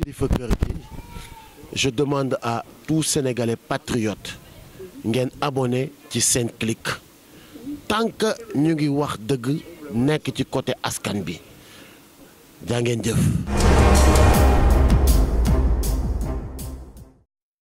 kilifa kër je demande à tout sénégalais patriote ngeen abonné ci Senclic tant que ñu ngi wax dëgg nekk ci côté askan bi jaa jëf